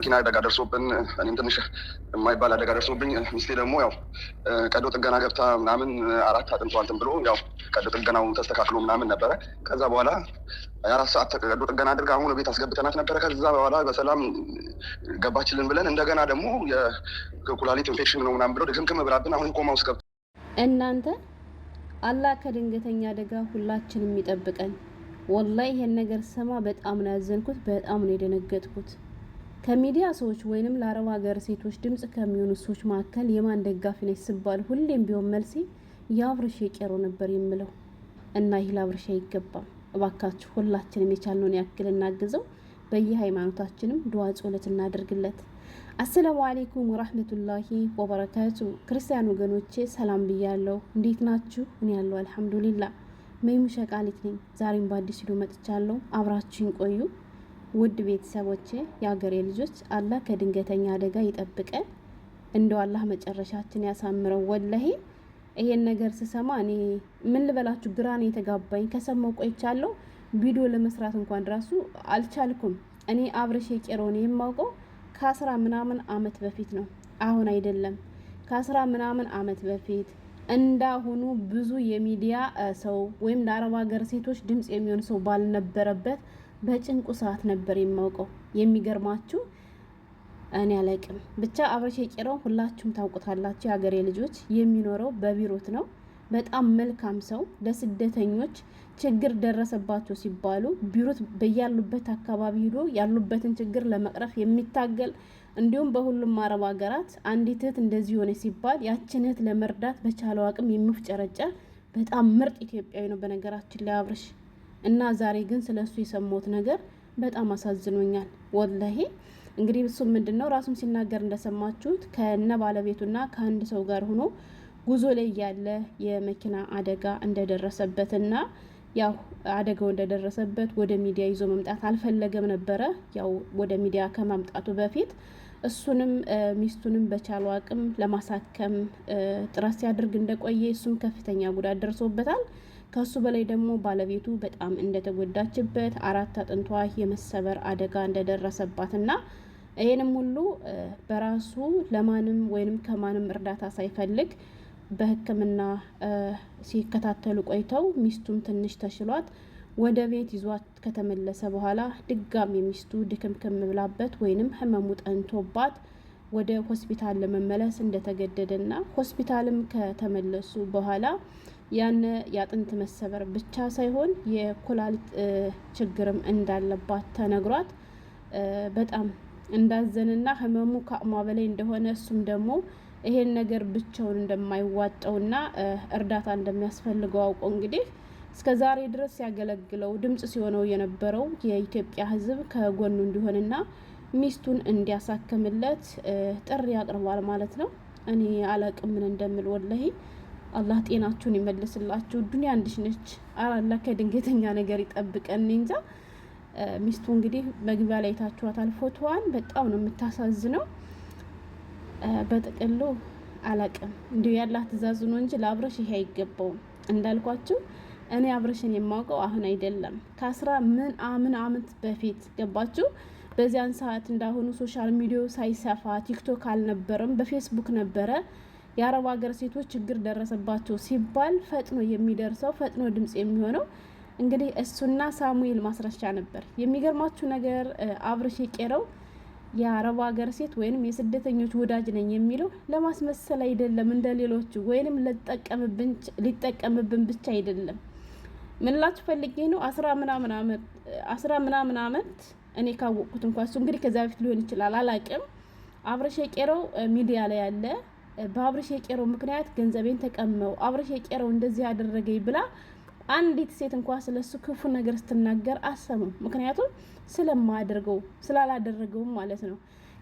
መኪና አደጋ ደርሶብን እኔም ትንሽ የማይባል አደጋ ደርሶብኝ ሚስቴ ደግሞ ያው ቀዶ ጥገና ገብታ ምናምን አራት አጥንቷ እንትን ብሎ ያው ቀዶ ጥገናው ተስተካክሎ ምናምን ነበረ። ከዛ በኋላ የአራት ሰዓት ቀዶ ጥገና አድርግ አሁን ቤት አስገብተናት ነበረ። ከዛ በኋላ በሰላም ገባችልን ብለን እንደገና ደግሞ የኩላሊት ኢንፌክሽን ነው ምናምን ብሎ ድክምክም ብላብን አሁን ኮማ ውስጥ ገብታ እናንተ አላህ ከድንገተኛ አደጋ ሁላችንም ይጠብቀን። ወላይ ይሄን ነገር ሰማ በጣም ነው ያዘንኩት፣ በጣም ነው የደነገጥኩት። ከሚዲያ ሰዎች ወይንም ለአረብ ሀገር ሴቶች ድምጽ ከሚሆኑ ሰዎች መካከል የማን ደጋፊ ነች ስባል ሁሌም ቢሆን መልሴ የአብርሽ የቄሮ ነበር የምለው እና ይህ ለአብርሽ አይገባም። እባካችሁ ሁላችንም የቻልነውን ያክል እናግዘው። በየሃይማኖታችንም ድዋ ጸሎት እናደርግለት። አሰላሙ አሌይኩም ወራህመቱላሂ ወበረካቱ። ክርስቲያን ወገኖቼ ሰላም ብያለሁ። እንዴት ናችሁ? እኔ ያለው አልሐምዱሊላ። መይሙ ሸቃሊት ነኝ። ዛሬም በአዲስ ቪዲዮ መጥቻለሁ። አብራችሁን ቆዩ። ውድ ቤተሰቦቼ የአገሬ ልጆች አላህ ከድንገተኛ አደጋ ይጠብቀን። እንደው አላህ መጨረሻችን ያሳምረው። ወለሄ ይሄን ነገር ስሰማ እኔ ምን ልበላችሁ ግራ ነው የተጋባኝ። ከሰማሁ ቆይቻለሁ። ቪዲዮ ለመስራት እንኳን ራሱ አልቻልኩም። እኔ አብረሽ የቄሮን የማውቀው ከአስራ ምናምን አመት በፊት ነው፣ አሁን አይደለም። ከአስራ ምናምን አመት በፊት እንዳሁኑ ብዙ የሚዲያ ሰው ወይም ለአረብ ሀገር ሴቶች ድምጽ የሚሆን ሰው ባልነበረበት በጭንቁ ሰዓት ነበር የማውቀው። የሚገርማችሁ እኔ አላቅም ብቻ አብረሽ የቄራው ሁላችሁም ታውቁታላችሁ። የሀገሬ ልጆች የሚኖረው በቢሮት ነው። በጣም መልካም ሰው ለስደተኞች ችግር ደረሰባቸው ሲባሉ ቢሮት በያሉበት አካባቢ ሂዶ ያሉበትን ችግር ለመቅረፍ የሚታገል እንዲሁም በሁሉም አረብ ሀገራት አንዲት እህት እንደዚህ ሆነ ሲባል ያችን እህት ለመርዳት በቻለው አቅም የሚፍጨረጨር በጣም ምርጥ ኢትዮጵያዊ ነው። በነገራችን ላይ አብርሽ እና ዛሬ ግን ስለ እሱ የሰማሁት ነገር በጣም አሳዝኖኛል ወላሂ። እንግዲህ እሱ ምንድን ነው ራሱም ሲናገር እንደሰማችሁት ከነ ባለቤቱና ከአንድ ሰው ጋር ሆኖ ጉዞ ላይ ያለ የመኪና አደጋ እንደደረሰበትና ያው አደጋው እንደደረሰበት ወደ ሚዲያ ይዞ መምጣት አልፈለገም ነበረ። ያው ወደ ሚዲያ ከማምጣቱ በፊት እሱንም ሚስቱንም በቻሉ አቅም ለማሳከም ጥረት ሲያደርግ እንደቆየ እሱም ከፍተኛ ጉዳት ደርሶበታል። ከሱ በላይ ደግሞ ባለቤቱ በጣም እንደተጎዳችበት አራት አጥንቷ የመሰበር አደጋ እንደደረሰባት እና ይህንም ሁሉ በራሱ ለማንም ወይም ከማንም እርዳታ ሳይፈልግ በሕክምና ሲከታተሉ ቆይተው ሚስቱም ትንሽ ተሽሏት ወደ ቤት ይዟት ከተመለሰ በኋላ ድጋሚ የሚስቱ ድክምክም ብላበት ወይንም ህመሙ ጠንቶባት ወደ ሆስፒታል ለመመለስ እንደተገደደና ሆስፒታልም ከተመለሱ በኋላ ያነ የአጥንት መሰበር ብቻ ሳይሆን የኩላሊት ችግርም እንዳለባት ተነግሯት በጣም እንዳዘንና ህመሙ ከአቅሟ በላይ እንደሆነ እሱም ደግሞ ይሄን ነገር ብቻውን እንደማይዋጠውና እርዳታ እንደሚያስፈልገው አውቆ እንግዲህ እስከ ዛሬ ድረስ ሲያገለግለው ድምጽ ሲሆነው የነበረው የኢትዮጵያ ህዝብ ከጎኑ እንዲሆንና ሚስቱን እንዲያሳክምለት ጥሪ አቅርቧል ማለት ነው። እኔ አላቅም ምን እንደምል ወለሄ አላህ ጤናችሁን ይመልስላችሁ። ዱንያ አንድሽ ነች። አላህ ከድንገተኛ ነገር ይጠብቀን። እንጃ ሚስቱ እንግዲህ መግቢያ ላይ ታችኋታል። ፎቶዋን በጣም ነው የምታሳዝነው። በጥቅሉ አላቅም እንዲሁ ያላህ ትእዛዝ ነው እንጂ ለአብረሽ ይሄ አይገባውም። እንዳልኳችሁ እኔ አብረሽን የማውቀው አሁን አይደለም ከአስራ ምን አምን አመት በፊት ገባችሁ። በዚያን ሰዓት እንዳሁኑ ሶሻል ሚዲያው ሳይሰፋ ቲክቶክ አልነበረም፣ በፌስቡክ ነበረ የአረብ ሀገር ሴቶች ችግር ደረሰባቸው ሲባል ፈጥኖ የሚደርሰው ፈጥኖ ድምፅ የሚሆነው እንግዲህ እሱና ሳሙኤል ማስረሻ ነበር። የሚገርማችሁ ነገር አብርሽ የቄረው የአረብ ሀገር ሴት ወይንም የስደተኞች ወዳጅ ነኝ የሚለው ለማስመሰል አይደለም፣ እንደ ሌሎቹ ወይንም ሊጠቀምብን ብቻ አይደለም። ምንላችሁ ፈልጌ ነው አስራ ምናምን አመት እኔ ካወቅኩት እንኳ እሱ እንግዲህ ከዚያ በፊት ሊሆን ይችላል አላቅም። አብርሽ የቄረው ሚዲያ ላይ ያለ በአብርሽ የቄሮ ምክንያት ገንዘቤን ተቀመው አብርሽ የቄሮ እንደዚህ ያደረገኝ ብላ አንዲት ሴት እንኳ ስለ እሱ ክፉ ነገር ስትናገር አሰሙም። ምክንያቱም ስለማያደርገው ስላላደረገውም ማለት ነው።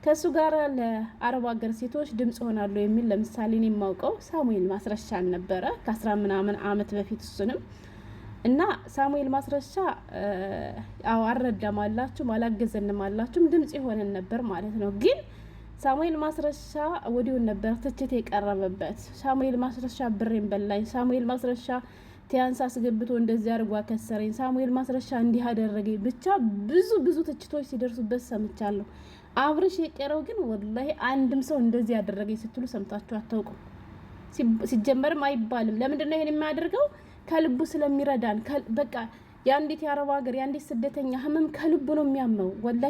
ከእሱ ጋር ለአረብ ሀገር ሴቶች ድምፅ ሆናሉ የሚል ለምሳሌ እኔ የማውቀው ሳሙኤል ማስረሻ ነበረ ከአስራ ምናምን አመት በፊት እሱንም እና ሳሙኤል ማስረሻ አልረዳም አላችሁም አላገዘንም አላችሁም ድምፅ የሆነን ነበር ማለት ነው ግን ሳሙኤል ማስረሻ ወዲሁን ነበር ትችት የቀረበበት። ሳሙኤል ማስረሻ ብሬን በላኝ፣ ሳሙኤል ማስረሻ ቲያንስ አስገብቶ እንደዚህ አድርጎ አከሰረኝ፣ ሳሙኤል ማስረሻ እንዲህ አደረገኝ፣ ብቻ ብዙ ብዙ ትችቶች ሲደርሱበት ሰምቻለሁ። አብርሽ የቀረው ግን ወላሂ አንድም ሰው እንደዚህ ያደረገኝ ስትሉ ሰምታችሁ አታውቁም። ሲጀመርም አይባልም። ለምንድን ነው ይሄን የሚያደርገው? ከልቡ ስለሚረዳን በቃ የአንዲት የአረብ ሀገር የአንዲት ስደተኛ ህመም ከልቡ ነው የሚያመው ወላ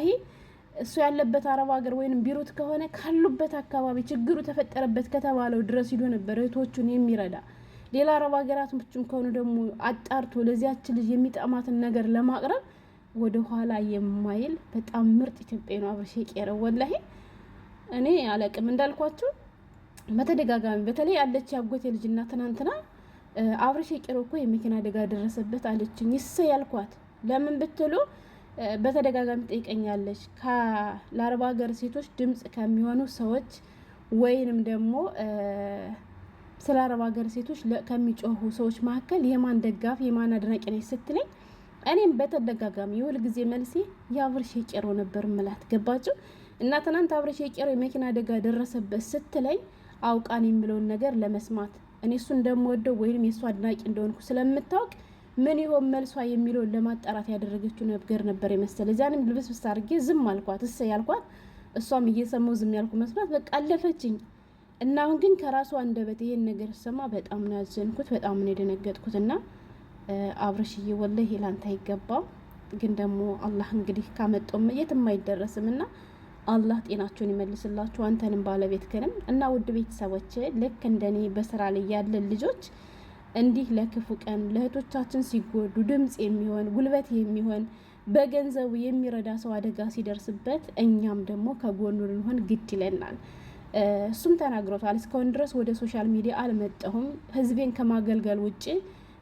እሱ ያለበት አረብ ሀገር ወይም ቢሮት ከሆነ ካሉበት አካባቢ ችግሩ ተፈጠረበት ከተባለው ድረስ ሂዶ ነበር እህቶቹን የሚረዳ። ሌላ አረብ ሀገራቶችም ከሆኑ ደግሞ አጣርቶ ለዚያችን ልጅ የሚጠማትን ነገር ለማቅረብ ወደ ኋላ የማይል በጣም ምርጥ ኢትዮጵያ ነው አብርሽ የቀረ። ወላሂ እኔ አለቅም እንዳልኳቸው በተደጋጋሚ በተለይ አለች ያጎቴ ልጅና ትናንትና አብርሽ የቀረ እኮ የመኪና አደጋ ደረሰበት አለችኝ። ይሰ ያልኳት ለምን ብትሉ በተደጋጋሚ ጠይቀኛለች። ለአረብ ሀገር ሴቶች ድምፅ ከሚሆኑ ሰዎች ወይንም ደግሞ ስለ አረብ ሀገር ሴቶች ከሚጮሁ ሰዎች መካከል የማን ደጋፊ የማን አድናቂ ነች ስትለኝ እኔም በተደጋጋሚ የሁል ጊዜ መልሴ የአብርሽ የቄሮ ነበር ምላት ገባችሁ። እና ትናንት አብርሽ የቄሮ የመኪና አደጋ ደረሰበት ስትለኝ አውቃን የሚለውን ነገር ለመስማት እኔ እሱ እንደምወደው ወይም የእሱ አድናቂ እንደሆንኩ ስለምታውቅ ምን ይሆን መልሷ የሚለውን ለማጣራት ያደረገችው ነገር ነበር የመሰለ። እዚያንም ልብስ ብስ አድርጌ ዝም አልኳት፣ እሰ ያልኳት እሷም እየሰማው ዝም ያልኩ መስሏት በቃ አለፈችኝ። እና አሁን ግን ከራሱ አንደበት ይሄን ነገር ሰማ፣ በጣም ነው ያዘንኩት፣ በጣም ነው የደነገጥኩት። እና አብርሽዬ ወላሂ ላንተ አይገባም፣ ግን ደግሞ አላህ እንግዲህ ካመጣው የትም አይደረስም እና አላህ ጤናቸውን ይመልስላችሁ አንተንም ባለቤትህንም። እና ውድ ቤተሰቦች ልክ እንደኔ በስራ ላይ ያለን ልጆች እንዲህ ለክፉ ቀን ለእህቶቻችን ሲጎዱ ድምፅ የሚሆን ጉልበት የሚሆን በገንዘቡ የሚረዳ ሰው አደጋ ሲደርስበት እኛም ደግሞ ከጎኑ ልንሆን ግድ ይለናል። እሱም ተናግሮታል። እስካሁን ድረስ ወደ ሶሻል ሚዲያ አልመጣሁም ህዝቤን ከማገልገል ውጭ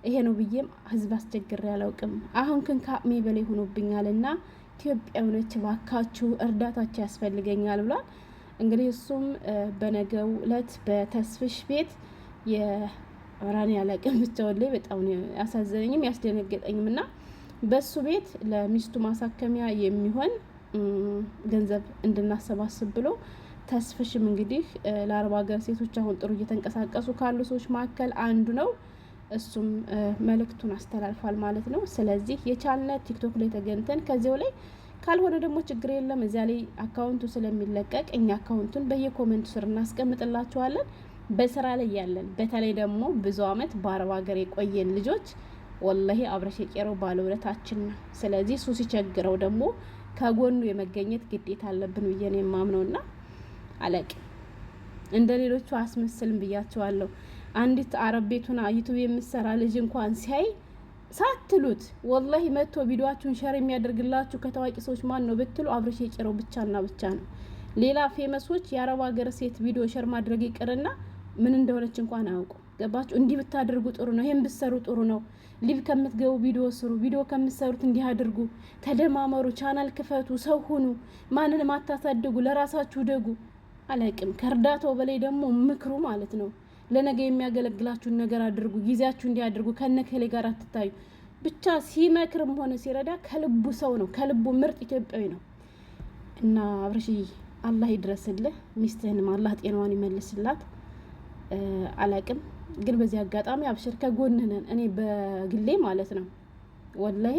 ይሄ ነው ብዬም ህዝብ አስቸግሬ አላውቅም። አሁን ግን ከአቅሜ በላይ ሆኖብኛል እና ኢትዮጵያ ሆነች ባካችሁ እርዳታቸው ያስፈልገኛል ብሏል። እንግዲህ እሱም በነገው ዕለት በተስፍሽ ቤት ራኒ ያላቀም ብቻውን ላይ በጣም ያሳዘነኝም ያስደነገጠኝም እና በሱ ቤት ለሚስቱ ማሳከሚያ የሚሆን ገንዘብ እንድናሰባስብ ብሎ ተስፍሽም እንግዲህ ለአረብ ሀገር ሴቶች አሁን ጥሩ እየተንቀሳቀሱ ካሉ ሰዎች መካከል አንዱ ነው። እሱም መልእክቱን አስተላልፏል ማለት ነው። ስለዚህ የቻልነ ቲክቶክ ላይ ተገንተን ከዚያው ላይ ካልሆነ ደግሞ ችግር የለም እዚያ ላይ አካውንቱ ስለሚለቀቅ እኛ አካውንቱን በየኮመንቱ ስር እናስቀምጥላችኋለን። በስራ ላይ ያለን በተለይ ደግሞ ብዙ አመት በአረብ ሀገር የቆየን ልጆች ወላሂ አብረሽ የቄሮ ባለውለታችን ነው። ስለዚህ እሱ ሲቸግረው ደግሞ ከጎኑ የመገኘት ግዴታ አለብን ብዬ ነው የማምነው። ና አለቅ እንደ ሌሎቹ አስመስልም ብያቸዋለሁ። አንዲት አረብ ቤቱን ዩቱብ የምሰራ ልጅ እንኳን ሲያይ ሳትሉት ወላሂ መጥቶ ቪዲዮችሁን ሸር የሚያደርግላችሁ ከታዋቂ ሰዎች ማን ነው ብትሉ አብረሽ የቄረው ብቻና ብቻ ነው። ሌላ ፌመሶች የአረብ ሀገር ሴት ቪዲዮ ሸር ማድረግ ይቅርና ምን እንደሆነች እንኳን አያውቁ ገባችሁ? እንዲህ ብታደርጉ ጥሩ ነው፣ ይህም ብትሰሩ ጥሩ ነው። ሊቭ ከምትገቡ ቪዲዮ ስሩ፣ ቪዲዮ ከምትሰሩት እንዲህ አድርጉ። ተደማመሩ፣ ቻናል ክፈቱ፣ ሰው ሁኑ፣ ማንንም አታሳድጉ፣ ለራሳችሁ ደጉ። አላቅም ከእርዳታው በላይ ደግሞ ምክሩ ማለት ነው። ለነገ የሚያገለግላችሁን ነገር አድርጉ፣ ጊዜያችሁ እንዲያድርጉ፣ ከነከሌ ጋር አትታዩ። ብቻ ሲመክርም ሆነ ሲረዳ ከልቡ ሰው ነው፣ ከልቡ ምርጥ ኢትዮጵያዊ ነው እና አብረሽ አላህ ይድረስልህ። ሚስትህንም አላህ ጤናዋን ይመልስላት። አላቅም። ግን በዚህ አጋጣሚ አብሽር ከጎንህ እኔ በግሌ ማለት ነው ወላሂ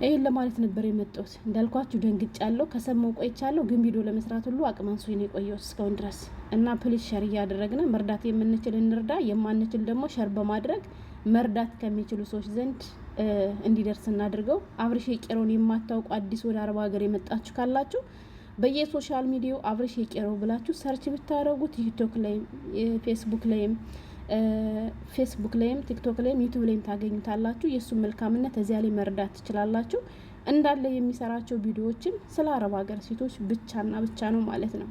ይህን ለማለት ነበር የመጣሁት። እንዳልኳችሁ ደንግጫለሁ፣ ከሰማሁ ቆይቻለሁ። ግን ቪዲዮ ለመስራት ሁሉ አቅም አንሶኝ ነው የቆየሁት እስካሁን ድረስ እና ፕሊስ ሸር እያደረግን መርዳት የምንችል እንርዳ፣ የማንችል ደግሞ ሸር በማድረግ መርዳት ከሚችሉ ሰዎች ዘንድ እንዲደርስ እናድርገው። አብርሽ ቄሮን የማታውቁ አዲስ ወደ አረብ ሀገር የመጣችሁ ካላችሁ በየሶሻል ሚዲያው አብርሽ የቄሮ ብላችሁ ሰርች ብታደረጉት ቲክቶክ ላይም ፌስቡክ ላይም ፌስቡክ ላይም ቲክቶክ ላይም ዩቱብ ላይም ታገኙታላችሁ። የእሱን መልካምነት እዚያ ላይ መረዳት ትችላላችሁ። እንዳለ የሚሰራቸው ቪዲዮዎችም ስለ አረብ ሀገር ሴቶች ብቻና ብቻ ነው ማለት ነው።